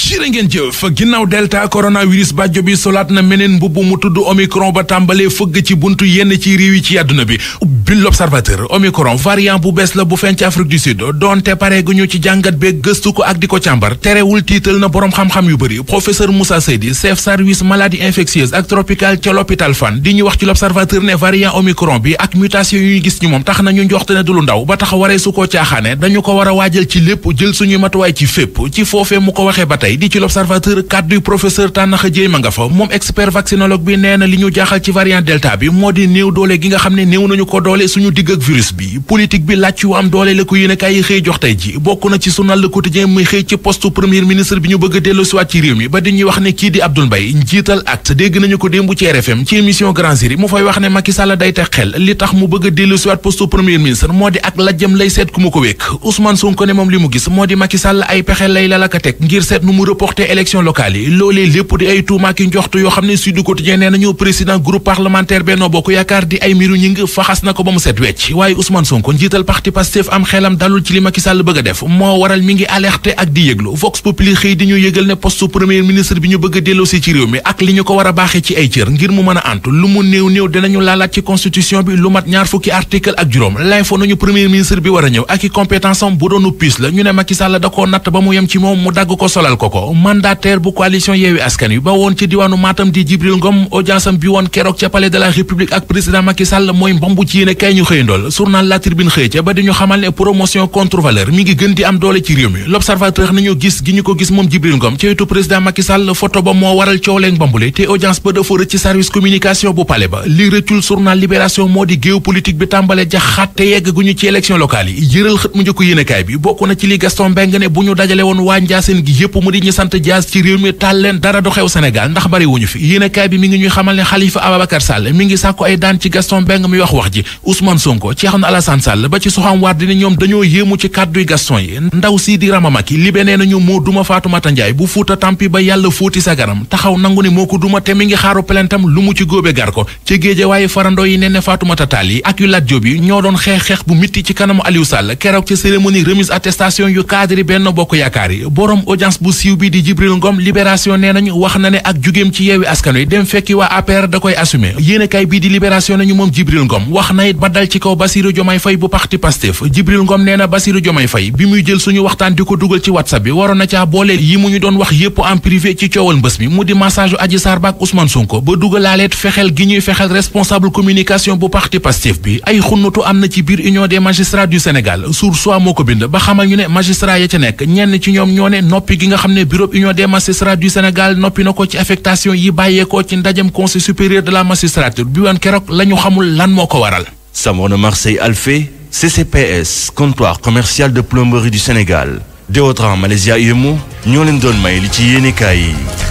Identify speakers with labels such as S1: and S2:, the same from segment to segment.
S1: jërë ngeen jëf ginnaaw delta coronavirus bàjjo bi solaat na meneen mbubb mu tudd omicron ba tàmbalee fëgg ci buntu yenn ci réew yi ci àdduna bi bi l'observateur omicron variant bu bees la bu feeñ ci afrique du sud doonte pare gu ñu ci jàngat bee gëstu ko ak di ko càmbar terewul tiital na boroom xam-xam yu bëri professeur Moussa Seydi chef service maladie infectieuse ak tropicale ca l'hôpital Fann di ñu wax ci l'observateur ne variant omicron bi ak mutation ñu gis ñu moom ndaw ba tax waree su koo caaxaane dañu ko war a waajal ci lépp jël suñuy matuwaay ci fépp ci mu ko waxee ba tey di ci l'observateur kàdduy professeur Tànnaxa Jéey ma nga fa moom expert vaccinologue bi nee na li ñu jaaxal ci variant delta bi moo di néew doole gi nga xam ne néew nañu ko doole suñu digg ak virus bi politique bi laaj yu am doole la ko yéen yi xëy jox tey ji bokk na ci sunal Le Quotidien muy xëy ci poste premier ministre bi ñu bëgg a dellu ci réew mi ba di ñuy wax ne kii di Abdoul Mbaye njiital acte dégg nañu ko démb ci RFM ci émission Grand mu reporté élection locale yi loolee lépp di ay tuuma ki njoxtu yoo xam ne Sud Quotidien nee nañu président groupe parlementaire Benno Bokk Yaakaar di ay miru ñi faxas na ko ba mu set wecc waaye Ousmane Sonko njiital parti Pastef am xelam dalul ci li Macky Sall bëgg a def moo waral mi ngi alerté ak di yëglu Vox Populi xëy di ñu yëgal ne poste premier ministre bi ñu bëgg a delloosi ci réew mi ak li ñu ko war a ci ay cër ngir mu mën a lu mu néew néew dinañu laalaat ci constitution bi lu mat ñaar fukki article ak juróom l'info nañu premier bi war a ñëw ak i compétence am bu doonu piis la ñu ne Macky Sall da mu yem ci moom mu dagg ko solal ko mandataire bu coalition Yewwi Askan bi woon keroog ca palais de République ak président Macky mooy mbombu ci yéene kay ñu xëyandool journal La Tribune xëy ca ba di ñu xamal ne promotion contre mi ngi gën di am doole ci réew mi l'observateur nañu gis gi ñu ko gis moom Jibril Ngom ca président Macky Sall ba moo waral coow leen mbombule te audience ba dafa rëcc ci communication bu palais ba li rëccul journal Libération moo di fi ñu sant Dias ci réew mi taal leen dara du xew Sénégal ndax bari wuñu fi yéenekaay bi mi ngi ñuy xamal ne Khalifa Ababacar Sall mi ngi sàkku ay daan ci Gaston Mbengue mi wax wax ji Ousmane Sonko Thierno Alassane Sall ba ci Soham Wardini ñoom dañoo yéemu ci kàdduy Gaston yi ndaw si di Rama nee nañu moo duma Faatumata Njaay bu fuuta tampi ba yàlla fóoti sa garam taxaw nangu ni moo ko duma te mi ngi xaaru pelentam lu mu ci góobe gar ko ci géeje waaye farandoo yi siiw bi di Jibril Ngom libération nee nañu wax na ne ak jugéem ci yeewi askan wi dem fekki waa APR da koy assumer yéenekaay bii di libération nañu moom Jibril Ngom wax na it ba dal ci kaw Bassirou Diomaye Faye bu parti Pastef Jibril Ngom nee na Bassirou Diomaye Faye bi muy jël suñu waxtaan di ko dugal ci WhatsApp bi waroon na caa boole yi mu ñu doon wax yépp en privé ci coowal mbës mi mu di massage Adji Sarr ba dugalaaleet fexel gi ko ba xamal xam ne bureau union des magistrats du Sénégal noppi na ko ci affectation yi bàyyeekoo ci ndajem conseil supérieur de la magistrature bi woon keroog la ñu xamul lan moo ko waral. Samron Marseille Alfé CCPS comptoir commercial de plomberie du Sénégal Déotran Malaysia yemu ñoo leen doon may
S2: li ci
S3: yéenekaay yi.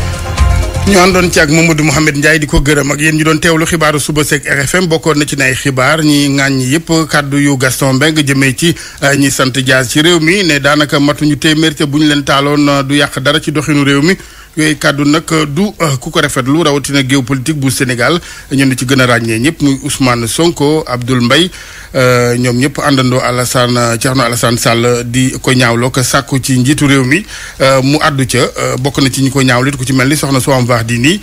S2: ñu àndoon ci ak Mamadou Mouhamed Ndiaye di ko gërëm ak yéen ñu doon teewlu xibaaru suba seeg RFM bokkoon na ci nay xibaar ñi ŋàññ yëpp kàddu yu Gaston Mbengue jëmee ci euh, ñi sant jaar ci réew mi ne daanaka matuñu téeméer ca bu ñu leen taaloon euh, du yàq dara ci doxinu réew mi yooyu kàddu nag du euh, ku ko rafetlu rawatina géopolitique bu Sénégal ñun ci gën a ràññee ñëpp muy Ousmane Sonko Abdoul Mbaye euh, ñoom ñëpp àndandoo Alassane Thierno Alassane Sall di ko ñaawloo sàkku ci njiitu réew mi euh, mu àddu ca bokk na ci ñu ko ñaawlit ku ci mel ni soxna Soham nii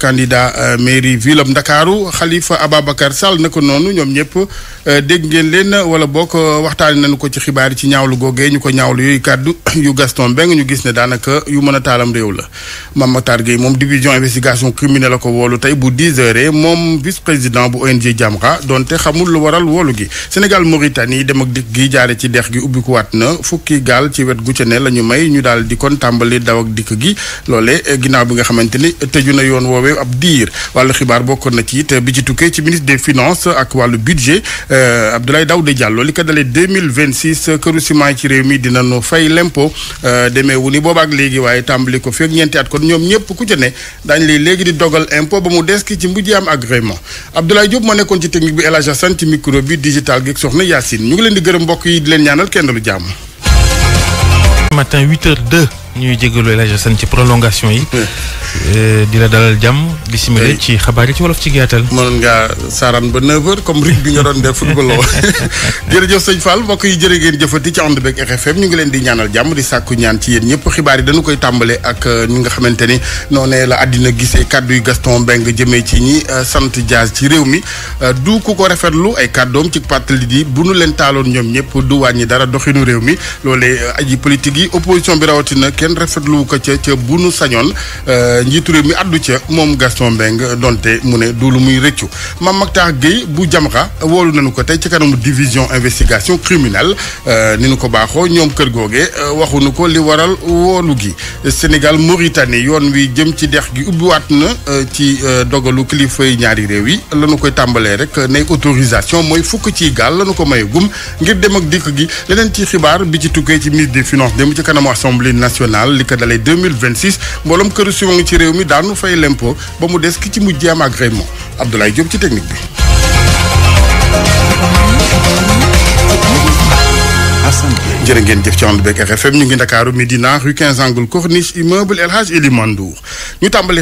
S2: candidat mairie ville am Ndakaaru Khalifa Ababacar Sall na ko noonu ñoom ñëpp dégg ngeen leen wala bokk waxtaanee nañu ko ci xibaar yi ci ñaawlu googee ñu ko ñaawlu yooyu kàddu yu Gaston Mbengue ñu gis ne daanaka yu mën a taalam réew la. Mame Matar Gueye moom division investigation criminelle la ko woolu tey bu 10 heures moom vice président bu ONG Jamra donte xamul lu waral woolu gi Sénégal Mauritanie dem ak dikk gi jaare dex gi ubbikuwaat na fukki gaal ci wet gu ca ne la ñu may ñu daal di kon tàmbali daw ak dikk gi loole eh, ginnaaw bi nga xamante ni tëju na yoon woowee ab diir wàllu xibaar bokkoon na ci it bi ci tukkee ci ministre des finances ak wàllu budget eh, Abdoulaye Daouda Diallo li ko dalee 2026 këru ciment ci réew mi dina nu fay lempo eh, demeewu ni boobaak léegi waaye tàmbali ko fekk ak ñeenti at kon ñoom ñëpp ku ci ne daañu lay léegi di dogal impôt ba mu des ki ci mujj am agrément Abdoulaye Diop moo nekkoon ci technique bi El Hadj Assane ci micro bi digital gi soxna Yacine ñu ngi leen di gërëm mbokk yi di leen ñaanal kenn lu jàmm.
S1: matin 8 h ñuy jégalu El
S4: Hadj Assane ci prolongation yi. Euh, di ba
S2: 9h comme rugby nga yi jërë ngeen jëfati ci ànd beeg RFM ñu ngi leen di ñaanal jàmm di sàkku ñaan ci yéen ñëpp xibaar yi dañu koy tàmbale ak ñi euh, nga xamante ni noonee la àddina gisee kàddu Gaston Mbengue jëmee ci ñi euh, sant Diaz ci réew mi du ku ko rafetlu ay kàddoom ci pàttali di bu nu leen taaloon ñoom ñëpp du wàññi dara doxinu réew mi loolee aji politique yi opposition bi rawatina kenn kenn rafetlu ko ca ca bu nu sañoon euh, njiitu réew mi addu ca moom Gaston Mbengue donte mu ne du lu muy rëccu Mame Mactar Guèye bu Jamra woolu nañu ko tey ci kanamu division investigation criminelle euh, ni nu ko baaxoo ñoom kër googee euh, waxuñu ko li waral woolu gi Sénégal Mauritanie yoon wi jëm ci dex gi ubbiwaat na ci dogalu kilifay ñaari réew yi lañu koy tàmbalee rek nay autorisation mooy fukk ci gaal lañu ko mayegum ngir dem ak dikk gi leneen ci xibaar bi ci tukkee ci ministre des finances nationale li ko dalee deux mille vingt six mbooloom këru si ngi ci réew mi daanu fay lempo ba mu des ki ci mujjee am agrément Abdoulaye Diop ci technique bi. jërë ngeen jëf ci ànd ngi Ndakaaru Médina rue 15 angle corniche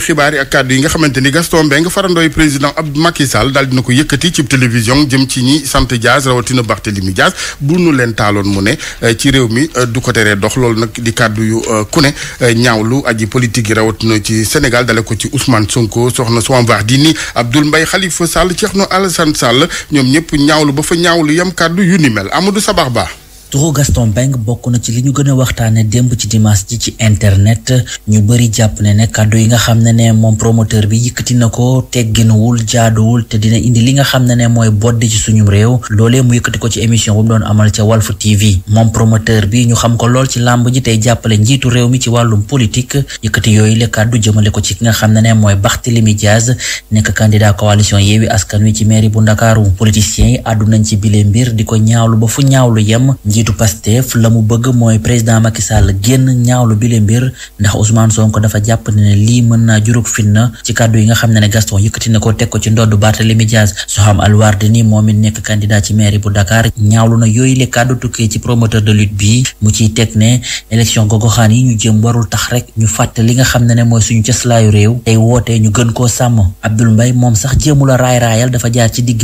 S2: xibaar yi ak kàddu yi nga xamante ni Gaston Mbengue farandooy président Abdou Macky daal dina ko yëkkati ci télévision jëm ci ñi sant Diaz rawatina Barthélémy Diaz bu nu leen taaloon mu ne eh, ci réew mi eh, du ko teree dox loolu nag di kàddu yu eh, ku ne ñaawlu aji politique yi rawatina ci Sénégal dale ko ci Ousmane Sonko soxna su Soham Wardini Abdoul Mbaye Khalifa Sall Thierno Alassane Sall ñoom ñëpp ñaawlu ba fa ñaawlu yam kàddu yu ni mel Amadou Sabax baax
S5: turu Gaston Mbengue bokk na ci li ñu gën a waxtaane démb ci dimanche ji ci internet ñu bëri jàpp ne ne kàddu yi nga xam ne ne moom promoteur bi yëkkati na ko tegginuwul jaaduwul te dina indi li nga xam ne ne mooy bodd ci suñu réew loolee mu yëkkati ko ci émission bu doon amal ca Walf TV moom promoteur bi ñu xam ko lool ci làmb ji tey jàppale njiitu réew mi ci wàllum politique yëkkati yooyu le kàddu jëmale ko ci ki nga xam ne ne mooy baxti limi Diaz nekk candidat coalition Yewwi Askan Wi ci mairie bu Ndakaaru politiciens yi àddu ci bile mbir di ko ñaawlu ba fu ñaawlu yem njiitu Pastef la mu bëgg mooy président Macky Sall génn ñaawlu bile mbir ndax Ousmane Sonko dafa jàpp ne lii mën naa jurug fitna ci kàddu yi nga xam ne ne Gaston yëkkati na ko teg ko ci ndoddu Barthélémy Dias Soham El Wardini moom it nekk candidat ci mairie bu Dakar ñaawlu na yooyu le kàddu tukkee ci promoteur de lutte bi mu ciy teg ne élection gogoxaan yi ñu jëm warul tax rek ñu fàtte li nga xam ne ne mooy suñu cëslaayu réew tey wootee ñu gën koo sàmm a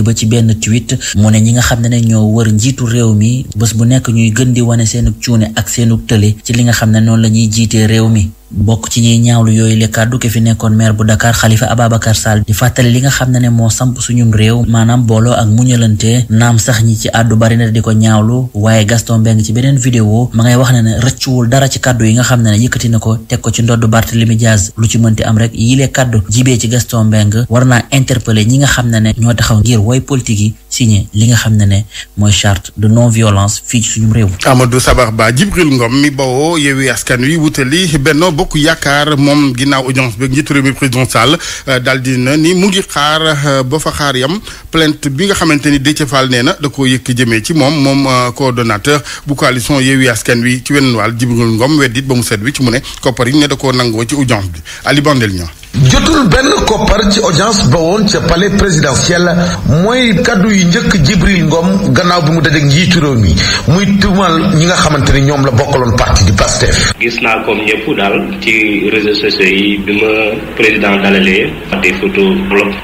S5: ba ci benn tweet mu ne ñi nga xam ne nag ñuy gën di wane seenug cuune ak seenug tële ci li nga xam ne noonu la ñuy jiitee réew mi bokk ci ñuy ñaawlu yooyu le kàddu ke fi nekkoon maire bu Dakar Khalifa Ababacar Sall di fàttali li nga xam ne ne moo samp suñum réew maanaam booloo ak muñalante naam sax ñi ci àddu bari na di ko ñaawlu waaye Gaston Mbengue ci beneen vidéo ma ngay wax ne ne rëccuwul dara ci kàddu yi nga xam ne ne yëkkati na ko teg ko ci ndodd Barthélemy Diaz lu ci mënti am rek yii le kàddu jibee ci Gaston Mbengue war naa interpeller ñi nga xam ne ne ñoo taxaw ngir way yi signé li nga xam ne ne mooy charte de non violence fii ci suñu réew.
S2: Amadou Sabar Ba Djibril Ngom mi bawoo Yewwi Askan Wi wutali Benno Bokk Yaakaar moom ginnaaw audience bi njiitu mi président Sall euh, daal di na ni mu ngi xaar euh, ba fa xaar yam plainte bi nga xamante ni Déthié Fall nee na da koo yëkk jëmee ci moom moom euh, coordonnateur bu coalition Yewwi Askan Wi ci wenn wàll Djibril Ngom weddit ba mu set wi ci mu ne koppar yi ne da koo nangoo ci audience bi Ali ñoo
S6: jotul benn koppar ci audience ba woon ca palais présidentiel mooy kaddu yu njëkk Jibril ngoom gannaaw bi mu dajeek njiitu réew mi muy tuumal ñi nga xamante ni ñoom la bokkaloon parti di
S3: Pastef. gis naa comme ñëpp daal ci réseaux sociaux yi bi ma président dalalee des photos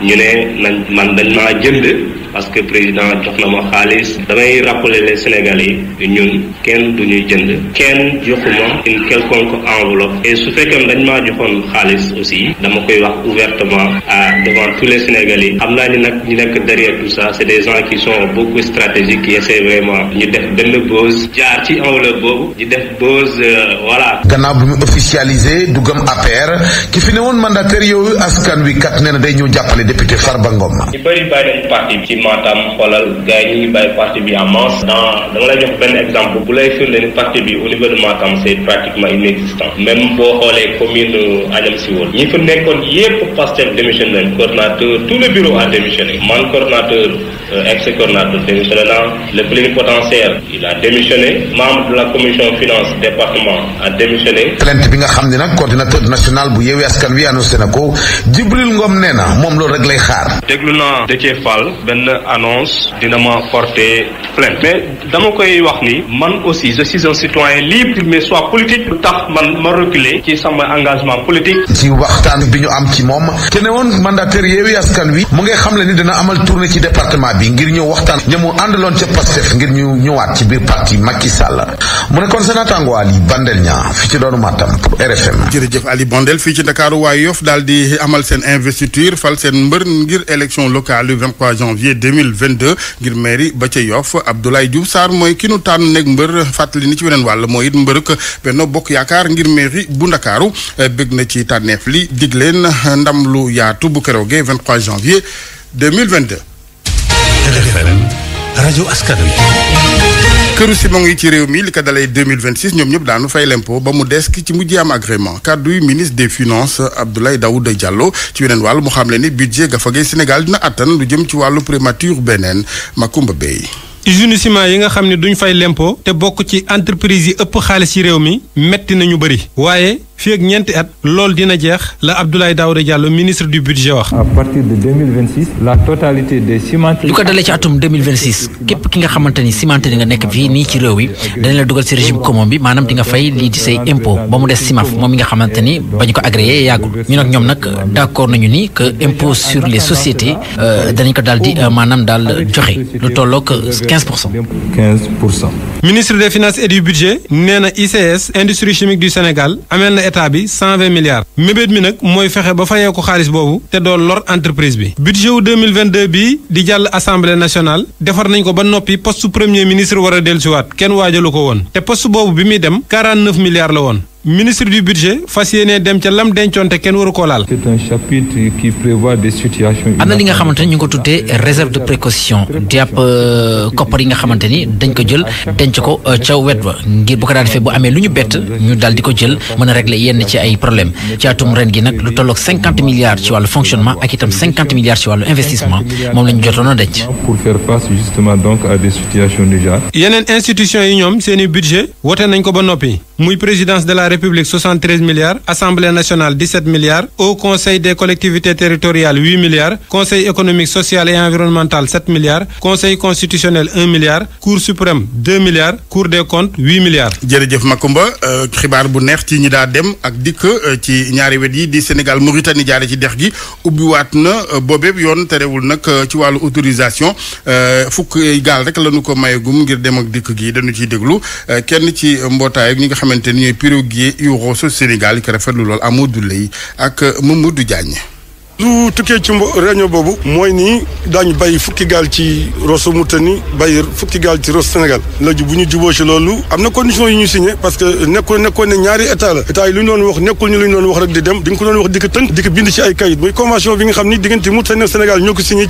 S3: ñu ne nañ man dañ maa jënd parce que président jox na ma xaalis damay rappeler les Sénégalais yi ñun kenn du ñuy jënd kenn joxuma une quelconque enveloppe et su fekkee dañ maa joxoon dama koy wax ouvertement à devant tous les Sénégalais xam naa ni nag ñu nekk derrière tout ça c'est des gens qui beaucoup stratégiques qui essaient vraiment ñu def benn buzz jaar ci enveloppe boobu ñu def buzz euh, voilà.
S6: gannaaw bi mu officialisé duggam APR ki fi ne woon mandataire yooyu askan wi kat nee na day ñëw jàppale député Farba Ngom.
S3: ñu bëri bàyyi nañu parti bi ci Matam xoolal gars yi ñu ngi bàyyi parti bi en masse. dans dama lay jox benn exemple bu lay firndeel ni parti bi au niveau de Matam c'est pratiquement xoolee commune nekkoon yépp Pastef démissionné nañ coordonnateur tout le bureau a démissionné man coordonnateur ex euh, coordonnateur démissionné naa le plénipotentiaire il a démissionné membre de la commission finance département a démissionné
S6: plainte bi nga xam ne nag coordinateur national bu yeewi askan wi annoncé na ko Jibril Ngom nee na moom loolu rek lay xaar
S3: déglu naa Déthié benn annonce dina ma porter plainte mais dama koy wax ni man aussi je si un citoyen libre mais ma ci sama engagement politique
S6: ñu am ci moom te ne woon mandataire Yewwi Askan Wi mu ngay xam le ni dana amal tournée ci département bi ngir ñëw waxtaan ñamu àndaloon ca Pastef ngir ñu ñëwaat ci biir parti Macky Sall mu ne seen naataango Ali Bandel ñaa fi ci doonu Matam pour RFM. jërëjëf
S2: Ali Bandel fii ci Dakar waaye Yoff daal amal seen investiture fal seen mbër ngir élection locale le 23 janvier 2022 ngir mairie ba ca Yoff Abdoulaye Diouf Sarr mooy ki nu tànn nekk mbër fàttali ni ci weneen wàll mooy it mbërëk Benno Bokk Yaakaar ngir mairie bu Ndakaaru eh, bëgg na ci tànneef li dig ndam lu yaatu bu keroogee 23 janvier 2022. RFM rajo askan
S3: wi.
S2: këru ciment yi ci réew mi li ko dalay 2026 ñoom ñëpp daanu fay l'impôt ba mu des ki ci mujj am agrément kàdduy ministre des finances Abdoulaye Daouda Diallo ci weneen wàll mu xamle ni budget gafagay Sénégal dina attan lu jëm ci wàllu primature beneen ma kumba Bey
S7: usine ciment yi nga xam ne duñu fay l'impôt te bokk ci entreprise yi ëpp xaalis ci réew mi metti nañu bëri waaye fii ak ñeenti at loolu dina jeex la Abdoulaye Daouda Diallo ministre du budget wax. à partir de 2026 la totalité des cimenteries. lu ko dalee ci
S5: atum 2026 képp ki nga xamante ni cimenterie nga nekk fii nii ci réew yi danañ la dugal si régime commun bi maanaam di nga fay lii di say impôt ba mu des CIMAF moom mi nga xamante ni bañ ko agréé yàggul ñun ak ñoom nag d' accord nañu ni que impôt sur les sociétés euh, danañ ko daal di euh, maanaam daal joxe lu tolloog 15 pour cent. pour cent.
S7: ministre des finance et du budget nee na ICS industrie chimique du Sénégal ameel na état bi cent vingt milliards mébét mi nag mooy fexe ba fayee ko xaalis boobu te doon lor entreprise bi. budget wu deux mille vingt deux bii di jàll assemblée nationale defar nañ ko ba noppi poste premier ministre war a dellusiwaat kenn waajalu ko woon te poste boobu bi muy dem quarante neuf milliards la woon. ministre du budget fas yéene dem ca lam dencoon te kenn waru koo laal. c'est am na li nga xamante
S5: ni ñu ngi ko tuddee réserve de précaution di ab euh, koppar yi nga xamante ni dañ ko jël denc ko euh, ca wet ba ngir bu ko daan defee bu amee lu ñu bett ñu daal di ko jël mën a régler yenn ci ay problème ci atum ren gi nag lu tolloog cinquante milliards ci wàllu fonctionnement ak itam cinquante milliards ci wàllu investissement
S7: moom la ñu denc. pour faire face justement donc à des situations yi ñoom seen i budget wote nañ ko ba noppi. muy présidence de la république 73 milliards assemblée nationale 17 milliards au conseil des collectivités territoriales 8 milliards conseil économique social et environnemental 7 milliards conseil constitutionnel 1 milliard cour suprême 2 milliards cour des comptes 8 milliards. jërëjëf Makumba euh, xibaar bu neex ci ñi daa dem ak dikk euh,
S2: ci ñaari wet yi di Sénégal Mauritanie jaare ci dex gi ubbiwaat na euh, boobee yoon terewul nag ci wàllu autorisation fukk gaal rek lañu ko mayegum ngir dem ak dikk gi dañu ciy déglu kenn ci mbootaay nga xam xamante ni ñooy piroguier yu Rosso Sénégal yi ko rafetlu lool Amadou Lay ak Mamadou Diagne
S8: lu tukkee ci réunion boobu mooy nii daañu bàyyi fukki gaal ci Rosso Mauritanie bàyyi fukki Sénégal léegi bu ñu juboo ci loolu am na condition yi ñu signé parce que nekkul nekkoon ne ñaari état la état yi lu ñu lu ñu doon wax rek di dem di nga ko doon wax di ko tënk di ko bind ci ay kayit muy convention bi nga xam ni diggante ko signé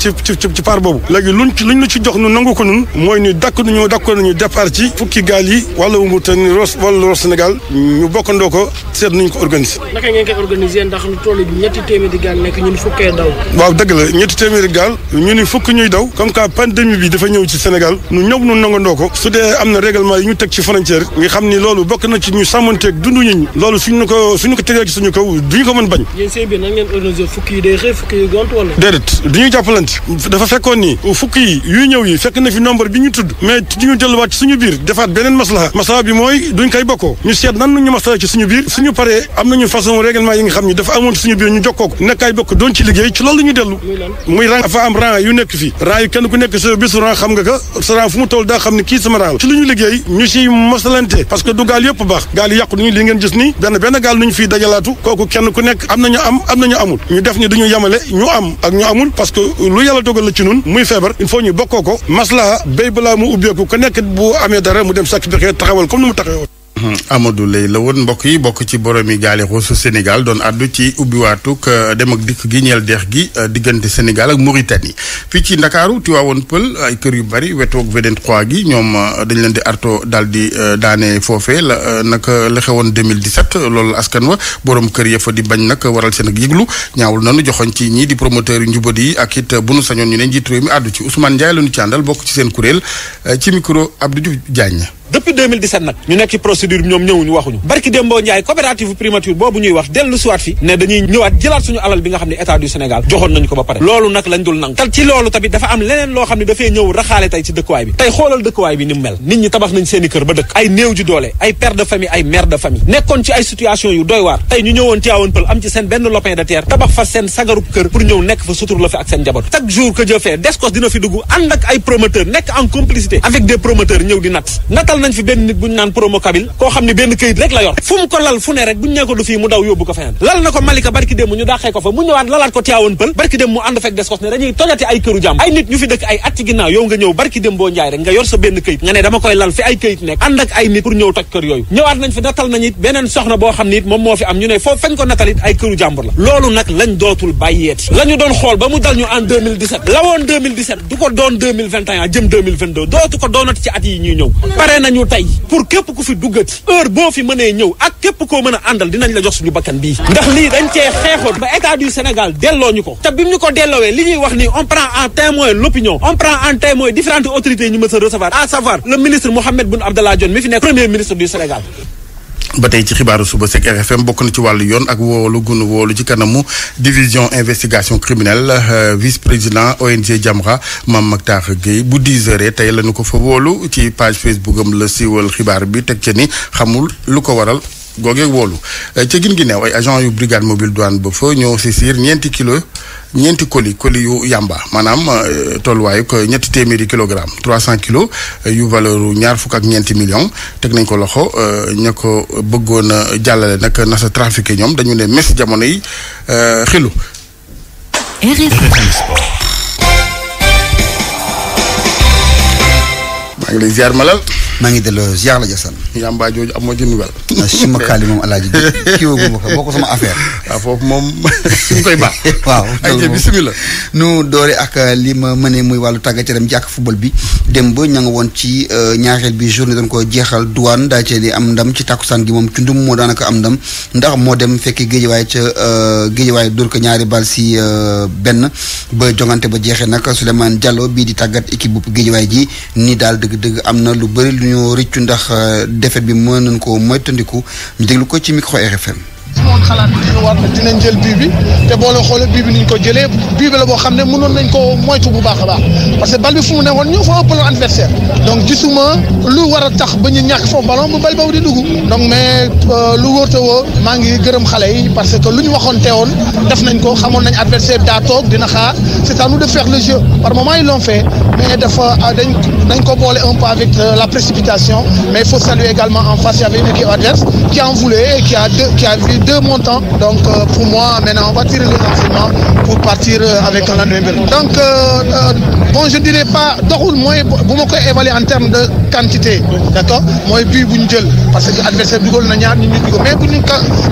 S8: nu nangu ko nun mooy ni dàkk nañoo dàkkoon nañu ñu bokkandoo ko seet nañ
S6: ko fukkee daw.
S8: waaw dëgg la ñetti téeméeri gaal ñu ni fukk ñuy daw comme que pandémie bi dafa ñëw ci Sénégal nu ñëw nu nangandoo ko su dee am na ñu teg suñu ko suñu ko tegee na ñu façon règlement yi nga xam ni dafa amoon ci suñu biir ñu jokkoo nekkaay bokk ci liggéey ci loolu la ñuy dellu muy rang fa am rang yu nekk fii rang ku nekk sa bisu rang xam nga ka sa rang fu mu toll daa xam ne kii sama rang la ci lu ñu liggéey ñu siy mosalante parce que du gaal yëpp baax gaal yi yàqu nañu li ngeen gis nii benn benn gaal nu ñu fii dajalaatu kooku kenn ku nekk am nañu am am nañu amul ñu def ni duñu yemale ñu am ak ñu amul parce que lu yàlla dogal la ci nun muy feebar il faut ñu bokkoo ko maslaha béy balaa mu ubbeeku ku nekk bu amee dara mu dem
S2: Amadou Lay la woon mbokk yi bokk ci boromi gaali xuusu Sénégal doon àddu ci ubbiwaatuk euh, dem ak dikk gi ñeel deex gi euh, diggante Sénégal ak Mauritanie fii ci Ndakaaru Tiwaawoon Pël ay kër yu bari wetoog Védène 3 gi ñoom euh, dañ leen di arto daal di daane foofe la naka la xewoon 2017 loolu askan wa borom kër ya fa di bañ nak waral seen ak yëglu ñaawul nanu joxoñ ci ñii di promoteur yu njubat yi ak it bu nu sañoon ñu ne njiit réew mi àddu ci Ousmane Ndiaye la ñu ci àndal bokk ci seen kuréel ci micro Abdou Diouf Diagne procédure ñoom ñëwuñu waxuñu barki Dembo Ndiaye coopérative primature boobu ñuy wax dellu
S4: siwaat fi ne dañuy ñëwaat jëlaat suñu alal bi nga xam ne état du Sénégal joxoon nañu ko ba pare loolu nag lañ dul nangu tal ci loolu tamit dafa am leneen loo xam ne dafay ñëw raxaale tey ci dëkkuwaay bi tey xoolal dëkkuwaay bi ni mu mel nit ñi tabax nañ seeni kër ba dëkk ay néew ju doole ay père de famille ay mère de famille nekkoon ci ay situation yu doy waar tey ñu ñëwoon Tivaouane Peulh am ci seen benn lopin de terre tabax fa seen sagarub di nat natal nañ fi benn nit bu ñu naan promokabil koo xam ne benn këyit rek la yor fu mu ko lal fu ne rek buñ ne ko du fii mu daw yóbbu ko feneen lal na ko Malika barki démb ñu daaxee ko fa mu ñëwaat ñu fi dëkk ay at ci ginnaaw yow nga ñëw barki ko doon xool ba mu dal ñu en 2017 la woon 2017 dootu ko doonati ci at yi ñuy ñëw pare nañu tey pour képp ku fi duggati heure boo fi mënee ñëw ak képp koo mën a àndal dinañ la jox suñu bakkan bi ndax lii dañ cee xeexoon ba état du Sénégal delloo ñu ko te bi ñu ko delloowee li ñuy wax nii on prend en témoin l'opinion on prend en témoin différentes autorités ñu mës a recevoir à savoir le ministre Mouhamed Boun Abdallah Dionne mi fi nekk premier ministre du Sénégal
S2: ba tey ci xibaaru suba sek bokk na ci wàllu yoon ak woolu gunu woolu ci kanamu division investigation criminelle euh, vice président ONG Jamra Mame Mactar Gueye bu 10 heures tey lañu ko fa woolu ci page Facebook am la siiwal xibaar bi teg ca ni xamul lu ko waral googee woolu euh, ca gin gi neew ay agent yu brigade mobile douane ba fa si saisir ñeenti kilo ñeenti colis koli yu yàmba maanaam euh, tolluwaayu ko ñetti téeméeri kilogramme trois cent kilos euh, yu valeur ñaar fukk ak ñeenti million teg nañ ko loxo euh, ña ko bëggoon a jàllale nag nasa sa trafiqué ñoom dañu ne mess jamonoy yi xilu.
S9: maa ngi lay ziar malal. maa ngi delloo ziar la jasan yamba jooju amoo ci nouvelle ah suma kaali moom alaaji kii woo ma ko boo ko sama affaire waaw ah, foofu moom suñ koy baax waaw ay bismillah nu doore ak uh, li ma mën mënee muy wàllu tàggat yaram ci ak bi dem ba ña nga woon ci uh, ñaareel bi journée dañ ko jeexal douane daa cee di am ndam ci tàkkusaan gi moom cundum moo daanaka am ndam ndax moo dem fekki géejawaay ca uh, géejawaay dóor ko ñaari bal si benn ba jongante ba jeexee nag Souleymane Diallo bii di tàggat équipe bu géejawaay ji ni daal dëgg-dëgg lu bëri ñu riccu ndax euh, défaite bi mën nañ ko moytandiku ñu déglu ko ci micro RFM.
S6: su ma woon xalaat dinañ jël bi te boo leen xoolee bii bi niñ ko jëlee bii la boo xam ne mënoon nañ ko moytu bu baax a baax parce que bal bi fu mu ne woon ñoo fa ëppaloon adversaire donc gisuma lu war a tax ba ñu ñàkk foofu ballon bu bal boobu di dugg donc mais euh, lu wóor te woo maa ngi gërëm xale yi parce que lu ñu waxoon woon def nañ ko xamoon nañ adversaire bi daa toog dina xaar c'est à nous de faire le jeu par moment ils l'ont fait mais dafa euh, dañ ko boole un peu avec euh, mais il faut saluer également deux montants. Donc euh, pour moi, maintenant, on va tirer les enseignements pour partir euh, avec un lendemain. Donc, euh, euh, bon, je ne dirais pas, Dorul, moi, vous m'avez évalué en termes de quantité. D'accord Moi, puis Bunjel, parce que l'adversaire du goal n'a pas Mais vous nous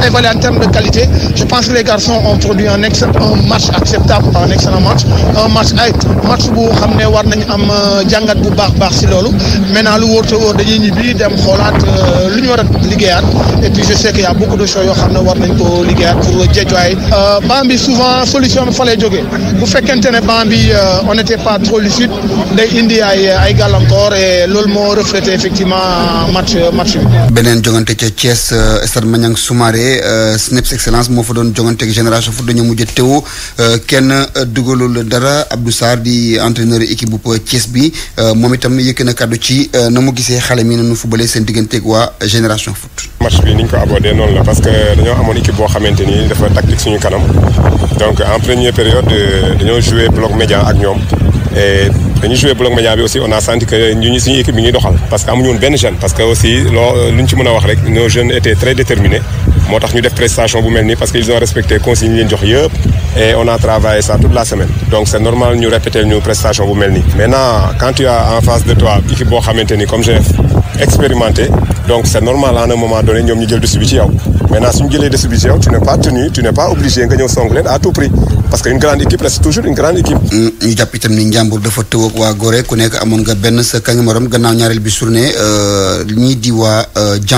S6: évalué en termes de qualité. Je pense que les garçons ont produit un, un match acceptable, un match. Un match bu xam ne war nañ am euh, jàngat bu baax baax si loolu maintenant lu wóor te wóor dañuy ñibbi dem xoolaat lu ñu war a liggéeyaat et ne war nañ ko liggéeyaat pour jeejuwaay euh, ban bi souvent solution fa lay jógee bu fekkente ne ban bi euh, on n'était pas trop lucide day indi ay ay gàllankoor et loolu moo reflété effectivement match match bi.
S9: beneen jongante ca Thiès euh, stade Maniang Soumaré moo fa doon jongante ak génération foot dañoo mujj teew kenn dugalul dara Abdou Sarr di entraîneur équipe bu Thiès bi moom itam yëkk na kàddu ci na mu gisee xale mi na nu seen digganteeg waa génération foot. dañoo amoon équipe boo xamante
S7: ni dafa tactique suñu kanam donc en première période euh, dañoo joué bloc médian ak ñoom et dañu joué bloc médian bi aussi on a senti que ñu ñu suñu équipe bi ngi doxal parce que amuñu woon benn jeune parce que aussi loo euh, lu ñu ci mën a wax rek nos jeunes étaient très déterminés moo tax ñu def prestation bu mel ni parce que ils ont respecté consignes jox yëpp et on a travaillé ça toute la semaine donc c'est normal ñu répéter ñu prestation bu mel nii maintenant quand tu as xamante ni comme j'ai expérimenté donc c' est normal à un moment donné ñoom ñu jël dessus bi ci yow maintenant suñu tu n'es pas tenu tu n'es pas obligé nga ñëw song leen à tout prix parce que une grande équipe reste toujours une grande équipe.
S9: Euh, ñu jàpp itam ni Njàmbur dafa tëw waa Gorée ku nekk amoon nga benn sa kangi morom gannaaw ñaareel bi journée euh, ñii di waa te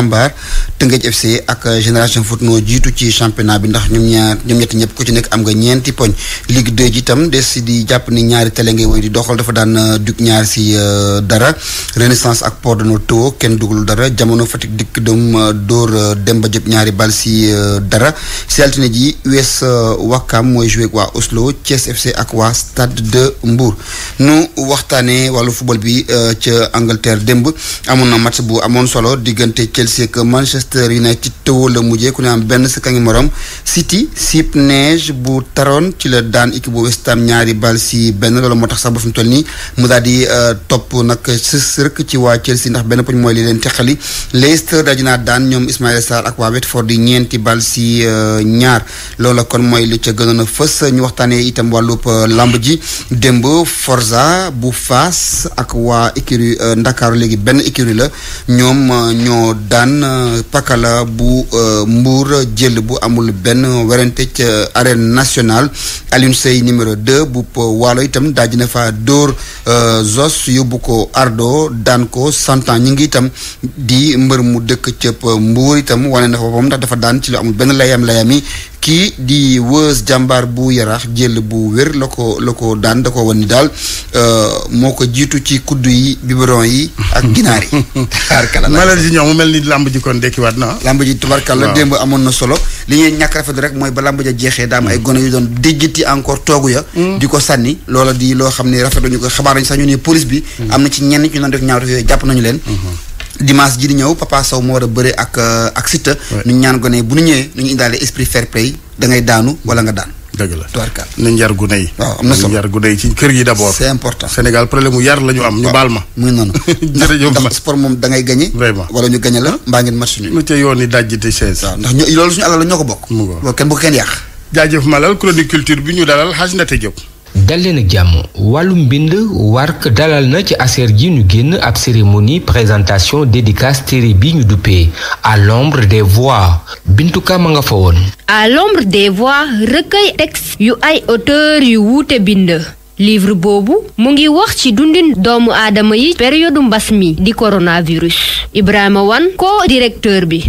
S9: Tëngéej FC ak euh, Génération Foot noo jiitu ci championnat bi ndax ñoom ñaar ñoom ñetti ñëpp ku ci nekk am nga ñeenti poñ Ligue 2 ji itam des si di jàpp ni ñaari télé ngay woy di doxal dafa daan dug ñaar si dara Renaissance ak Port dañoo tëw kenn dugalul dara jamono Fatick dikk doom dóor Demba Diop ñaari bal si dara si altine ji mooy waa Oslo Thiès FC ak waa Stade de Mbour nu waxtaanee wàllu football bi euh, ca Angleterre démb amoon na match bu amoon solo diggante Chelsea ak Manchester United tëwo la mujjee ku ne am benn sa kangi morom City sip neige bu taroon ci la daan équipe bu ñaari bal si benn loolu moo tax sax ba fi mu toll nii mu daal di euh, topp nag sës rek ci waa Chelsea ndax benn poñ mooy li leen teqali Leicester daji naa daan ñoom Ismaïla Sarr ak waa Watford di ñeenti bal si euh, ñaar loola kon mooy ñu waxtaanee itam wàllub euh, lamb ji démb forsa bu fas ak waa écurie euh, Ndakaaru léegi benn écurie la ñoom euh, ñoo daan pakala bu Mbour jël bu amul benn werante ca arène nationale Alioune Seye numéro 2 bu waalo itam daaj na fa dóor Zos yóbbu ko Ardo daan ko santan ñi ngi itam di mbër mu dëkk cëp Mbour itam wane na fa moom ndax dafa daan ci lu amul benn layam layami kii di Weuz jàmbaar bu yaraax jël bu wér la ko la ko daan da ko wan ni daal euh, moo ko jiitu ci kuddu yi biberon yi ak ginaar yi tubaarkalla malal ji ñoom mu mel ni làmb ji kon dekkiwaat na làmb ji tubaarkalla démb amoon na solo li ñuy ñàkk rafetlu rek mooy ba làmb ja jeexee daam am ay gone yu doon déjjati encore toogu ya mm. di ko sànni loola di loo xam ne rafetlu ñu ko xabaar nañ sax ñu ne police bi mm. am na ci ñenn ñu doon def ñaawte yooyu jàpp nañu leen mm-hmm. dimanche ji di ñëw Papa Sow moo war a bëre ak euh, ak Siteu. ñu ñaan gone bu ñu ñëwee ñu indaale esprit fair play da daanu wala nga daan.
S2: dëgg la tubarkaal nañ yar gune yi. waaw am na solo nañ gune yi ci kër yi d' abord.
S9: important Sénégal problème mu yar la ñu am. ñu baal ma muy noonu. ndax sport moom da ngay gagné. wala ñu gagné la mbaa ngeen match suñu. lu ca yoon yi dajjite chaise. waaw ndax loolu suñu alal la ñoo ko bokk. mu ngoog loolu kenn bu
S2: ko kenn yàq. jaajëf Malal chronique culture bi ñu dalal Hadj Ndate Diop
S4: dal leen ak jàmm wàllum mbind wark dalal na ci aser ji ñu génn ab cérémonie présentation dédicace téere bi ñu duppee à l'ombre des voix bintuka ma nga fa woon
S10: à l'ombre des voix recueil texte yu ay auteur yu wuute bind livre boobu mu ngi wax ci dundin doomu aadama yi période mbas mi di coronavirus Ibrahima Wane co-directeur bi.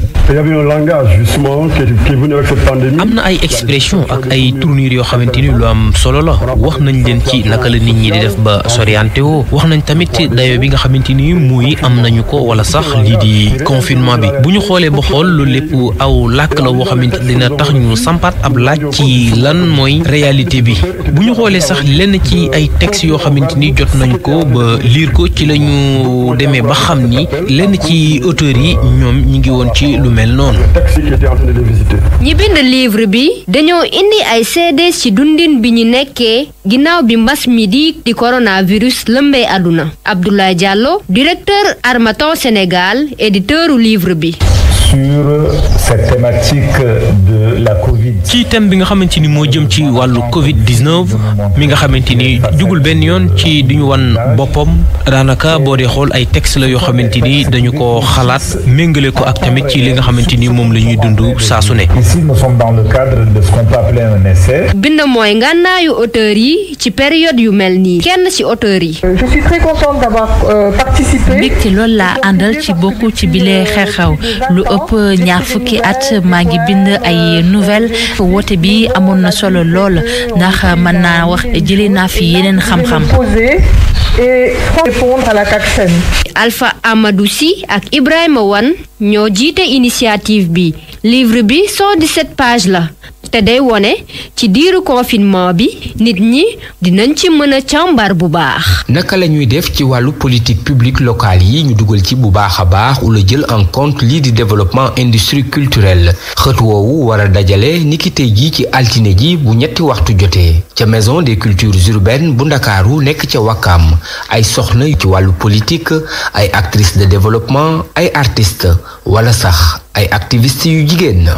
S8: am na
S4: ay expression ak ay tournure yoo xamante ni lu am solo la wax nañ leen ci naka la nit ñi di def ba soriante woo wax nañ tamit dayo bi nga xamante ni muy am nañu ko wala sax lii di confinement bi bu ñu xoolee ba xool loolu lépp aw làkk la woo xamante dina tax ñu sampaat ab laaj ci lan mooy réalité bi bu ñu xoolee sax lenn ci ay ay textes yoo xamante ni jot nañ ko liir ko ci la ñu demee ba xam ni lenn ci auteurs yi ñoom ñu ngi woon ci lu mel noonu.
S10: ñi bind livre bi dañoo indi ay seede ci dundin bi ñu nekkee ginnaaw bi mbas mi di di coronavirus lëmbee àdduna Abdoulaye Diallo directeur Armaton Sénégal éditeuru livre bi.
S2: sur cette thématique de
S4: ci thème bi nga xamante ni moo jëm ci wàllu Covid 19 mi nga xamante ni jugul benn yoon ci di wan boppam daanaka boo dee xool ay texte la yoo xamante ni dañu ko xalaat méngale ko ak tamit ci li nga xamante ni moom la ñuy dund saa su ne. ici nous sommes dans le cadre
S10: bind mooy ngànnaayu auteurs yi ci période yu mel nii kenn ci auteurs yi. je suis très contente euh, àndal ci bokk ci bile xew-xew lu ëpp diirub ñaar fukki at maa ngi bind ay nouvelle woote bi amoon na solo lool ndax mën naa wax jëlee naa fi yeneen xam-xam. Alpha Amadou si ak Ibrahima Wane ñoo jiite initiative bi livre bi 117 la te day wone ci diiru confinement bi nit ñi dinañ ci mën a càmbar bu baax.
S4: naka la ñuy def ci wàllu politique publique locale yi ñu dugal ci bu baax a baax wala jël en compte lii di développement industrie culturelle xët woowu war a dajale niki tey jii ci altine ji bu ñetti waxtu jotee ca maison des cultures urbaines bu ndakaaru nekk ca wakkaam ay soxna ci wàllu politique ay actrices de développement ay artistes wala sax ay activistes yu jigéen.